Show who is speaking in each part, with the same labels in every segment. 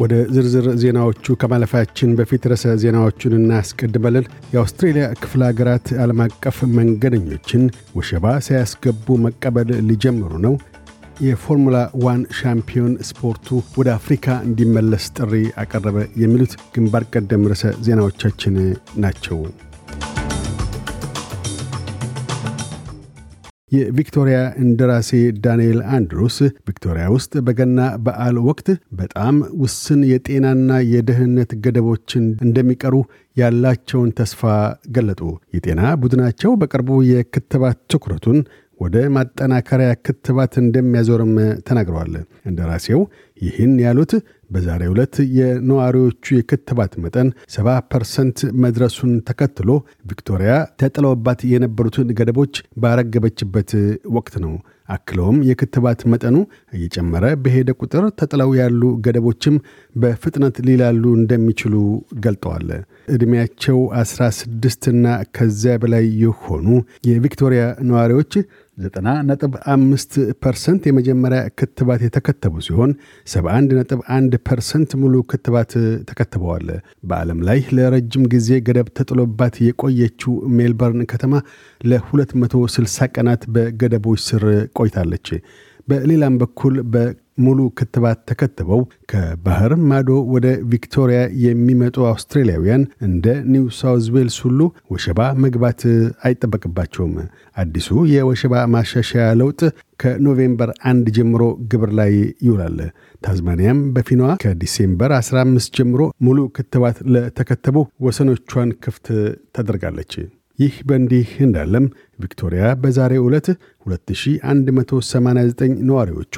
Speaker 1: ወደ ዝርዝር ዜናዎቹ ከማለፋችን በፊት ረዕሰ ዜናዎቹን እናስቀድመልን። የአውስትሬልያ ክፍለ ሀገራት ዓለም አቀፍ መንገደኞችን ወሸባ ሳያስገቡ መቀበል ሊጀምሩ ነው። የፎርሙላ ዋን ሻምፒዮን ስፖርቱ ወደ አፍሪካ እንዲመለስ ጥሪ አቀረበ። የሚሉት ግንባር ቀደም ርዕሰ ዜናዎቻችን ናቸው። የቪክቶሪያ እንደራሴ ዳንኤል አንድሩስ ቪክቶሪያ ውስጥ በገና በዓል ወቅት በጣም ውስን የጤናና የደህንነት ገደቦችን እንደሚቀሩ ያላቸውን ተስፋ ገለጡ። የጤና ቡድናቸው በቅርቡ የክትባት ትኩረቱን ወደ ማጠናከሪያ ክትባት እንደሚያዞርም ተናግረዋል። እንደራሴው ይህን ያሉት በዛሬ ዕለት የነዋሪዎቹ የክትባት መጠን 70 ፐርሰንት መድረሱን ተከትሎ ቪክቶሪያ ተጥለውባት የነበሩትን ገደቦች ባረገበችበት ወቅት ነው። አክለውም የክትባት መጠኑ እየጨመረ በሄደ ቁጥር ተጥለው ያሉ ገደቦችም በፍጥነት ሊላሉ እንደሚችሉ ገልጠዋል። ዕድሜያቸው 16ና ከዚያ በላይ የሆኑ የቪክቶሪያ ነዋሪዎች ነ5 ፐርሰንት የመጀመሪያ ክትባት የተከተቡ ሲሆን 71ነ1 ፐርሰንት ሙሉ ክትባት ተከትበዋል። በዓለም ላይ ለረጅም ጊዜ ገደብ ተጥሎባት የቆየችው ሜልበርን ከተማ ለ260 ቀናት በገደቦች ስር ቆይታለች። በሌላም በኩል በሙሉ ክትባት ተከትበው ከባህር ማዶ ወደ ቪክቶሪያ የሚመጡ አውስትራሊያውያን እንደ ኒው ሳውዝ ዌልስ ሁሉ ወሸባ መግባት አይጠበቅባቸውም። አዲሱ የወሸባ ማሻሻያ ለውጥ ከኖቬምበር አንድ ጀምሮ ግብር ላይ ይውላል። ታዝማኒያም በፊኗ ከዲሴምበር 15 ጀምሮ ሙሉ ክትባት ለተከተቡ ወሰኖቿን ክፍት ተደርጋለች። ይህ በእንዲህ እንዳለም ቪክቶሪያ በዛሬ ዕለት 2189 ነዋሪዎቿ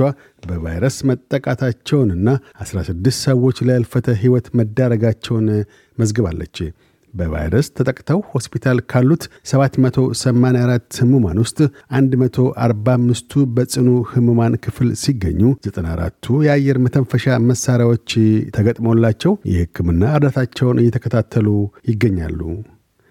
Speaker 1: በቫይረስ መጠቃታቸውንና 16 ሰዎች ለልፈተ ሕይወት መዳረጋቸውን መዝግባለች። በቫይረስ ተጠቅተው ሆስፒታል ካሉት 784 ህሙማን ውስጥ 145ቱ በጽኑ ህሙማን ክፍል ሲገኙ 94ቱ የአየር መተንፈሻ መሳሪያዎች ተገጥሞላቸው የህክምና እርዳታቸውን እየተከታተሉ ይገኛሉ።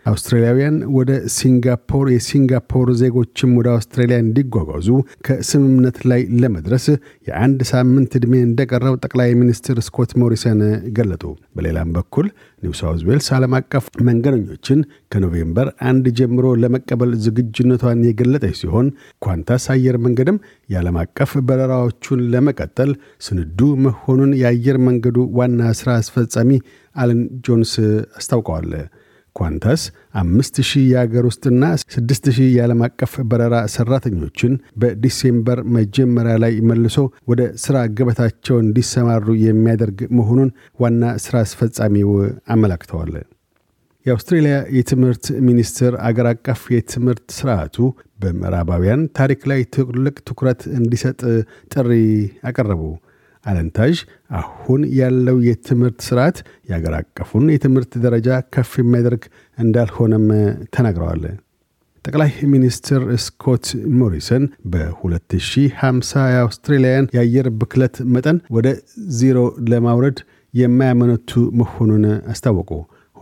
Speaker 1: አውስትራሊያውያን ወደ ሲንጋፖር፣ የሲንጋፖር ዜጎችም ወደ አውስትራሊያ እንዲጓጓዙ ከስምምነት ላይ ለመድረስ የአንድ ሳምንት ዕድሜ እንደቀረው ጠቅላይ ሚኒስትር ስኮት ሞሪሰን ገለጡ። በሌላም በኩል ኒው ዌልስ ዓለም አቀፍ መንገደኞችን ከኖቬምበር አንድ ጀምሮ ለመቀበል ዝግጁነቷን የገለጠች ሲሆን ኳንታስ አየር መንገድም የዓለም አቀፍ በረራዎቹን ለመቀጠል ስንዱ መሆኑን የአየር መንገዱ ዋና ሥራ አስፈጻሚ አለን ጆንስ አስታውቀዋል። ኳንታስ አምስት ሺህ የአገር ውስጥና ስድስት ሺህ የዓለም አቀፍ በረራ ሰራተኞችን በዲሴምበር መጀመሪያ ላይ መልሶ ወደ ሥራ ገበታቸው እንዲሰማሩ የሚያደርግ መሆኑን ዋና ሥራ አስፈጻሚው አመላክተዋል። የአውስትሬልያ የትምህርት ሚኒስትር አገር አቀፍ የትምህርት ስርዓቱ በምዕራባውያን ታሪክ ላይ ትልቅ ትኩረት እንዲሰጥ ጥሪ አቀረቡ። አለንታዥ አሁን ያለው የትምህርት ስርዓት የአገር አቀፉን የትምህርት ደረጃ ከፍ የሚያደርግ እንዳልሆነም ተናግረዋል። ጠቅላይ ሚኒስትር ስኮት ሞሪሰን በ2050 የአውስትሬልያን የአየር ብክለት መጠን ወደ ዜሮ ለማውረድ የማያመነቱ መሆኑን አስታወቁ።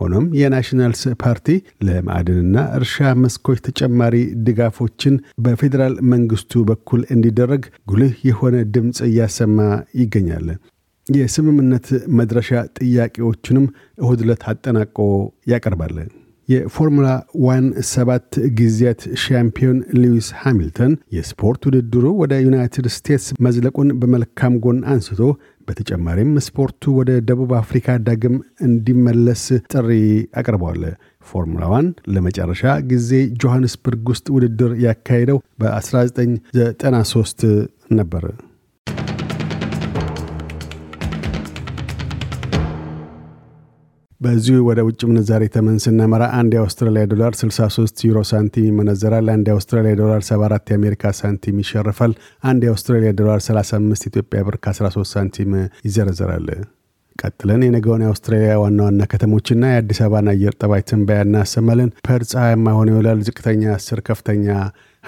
Speaker 1: ሆኖም የናሽናልስ ፓርቲ ለማዕድንና እርሻ መስኮች ተጨማሪ ድጋፎችን በፌዴራል መንግስቱ በኩል እንዲደረግ ጉልህ የሆነ ድምፅ እያሰማ ይገኛል። የስምምነት መድረሻ ጥያቄዎችንም እሁድ አጠናቆ ያቀርባል። የፎርሙላ ዋን ሰባት ጊዜያት ሻምፒዮን ሉዊስ ሃሚልተን የስፖርት ውድድሩ ወደ ዩናይትድ ስቴትስ መዝለቁን በመልካም ጎን አንስቶ በተጨማሪም ስፖርቱ ወደ ደቡብ አፍሪካ ዳግም እንዲመለስ ጥሪ አቅርበዋል። ፎርሙላ ዋን ለመጨረሻ ጊዜ ጆሐንስበርግ ውስጥ ውድድር ያካሄደው በ1993 ነበር። በዚሁ ወደ ውጭ ምንዛሬ ተመን ስነመራ አንድ የአውስትራሊያ ዶላር 63 ዩሮ ሳንቲም ይመነዘራል። አንድ የአውስትራሊያ ዶላር 74 የአሜሪካ ሳንቲም ይሸርፋል። አንድ የአውስትራሊያ ዶላር 35 ኢትዮጵያ ብር ከ13 ሳንቲም ይዘረዘራል። ቀጥለን የነገውን የአውስትራሊያ ዋና ዋና ከተሞችና የአዲስ አበባን አየር ጠባይ ትንበያ እናሰማለን። ፐርዝ ፀሐያማ ሆኖ ይውላል። ዝቅተኛ 10፣ ከፍተኛ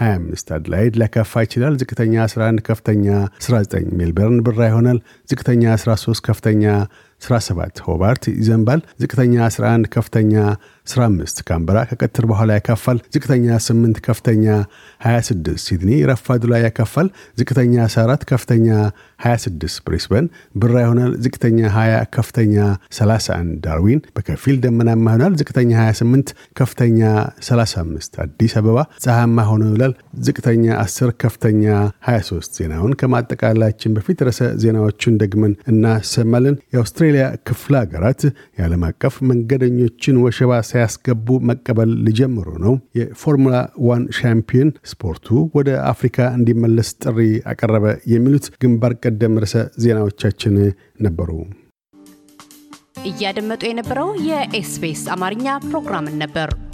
Speaker 1: 25። አድላይድ ሊያካፋ ይችላል። ዝቅተኛ 11፣ ከፍተኛ 19። ሜልበርን ብራ ይሆናል። ዝቅተኛ 13፣ ከፍተኛ 17 ሆባርት ይዘንባል። ዝቅተኛ 11፣ ከፍተኛ 15 ካምበራ ከቀትር በኋላ ያካፋል። ዝቅተኛ 8 ከፍተኛ 26 ሲድኒ ረፋዱ ላይ ያካፋል። ዝቅተኛ 14 ከፍተኛ 26 ብሪስበን ብራ ይሆናል። ዝቅተኛ 20 ከፍተኛ 31 ዳርዊን በከፊል ደመናማ ይሆናል። ዝቅተኛ 28 ከፍተኛ 35 አዲስ አበባ ፀሐያማ ሆኖ ይውላል። ዝቅተኛ 10 ከፍተኛ 23 ዜናውን ከማጠቃላችን በፊት ርዕሰ ዜናዎቹን ደግመን እናሰማለን። የአውስትሬልያ ክፍለ ሀገራት የዓለም አቀፍ መንገደኞችን ወሸባ ሳያስገቡ መቀበል ሊጀምሩ ነው። የፎርሙላ ዋን ሻምፒዮን ስፖርቱ ወደ አፍሪካ እንዲመለስ ጥሪ አቀረበ። የሚሉት ግንባር ቀደም ርዕሰ ዜናዎቻችን ነበሩ። እያደመጡ የነበረው የኤስቢኤስ አማርኛ ፕሮግራምን ነበር።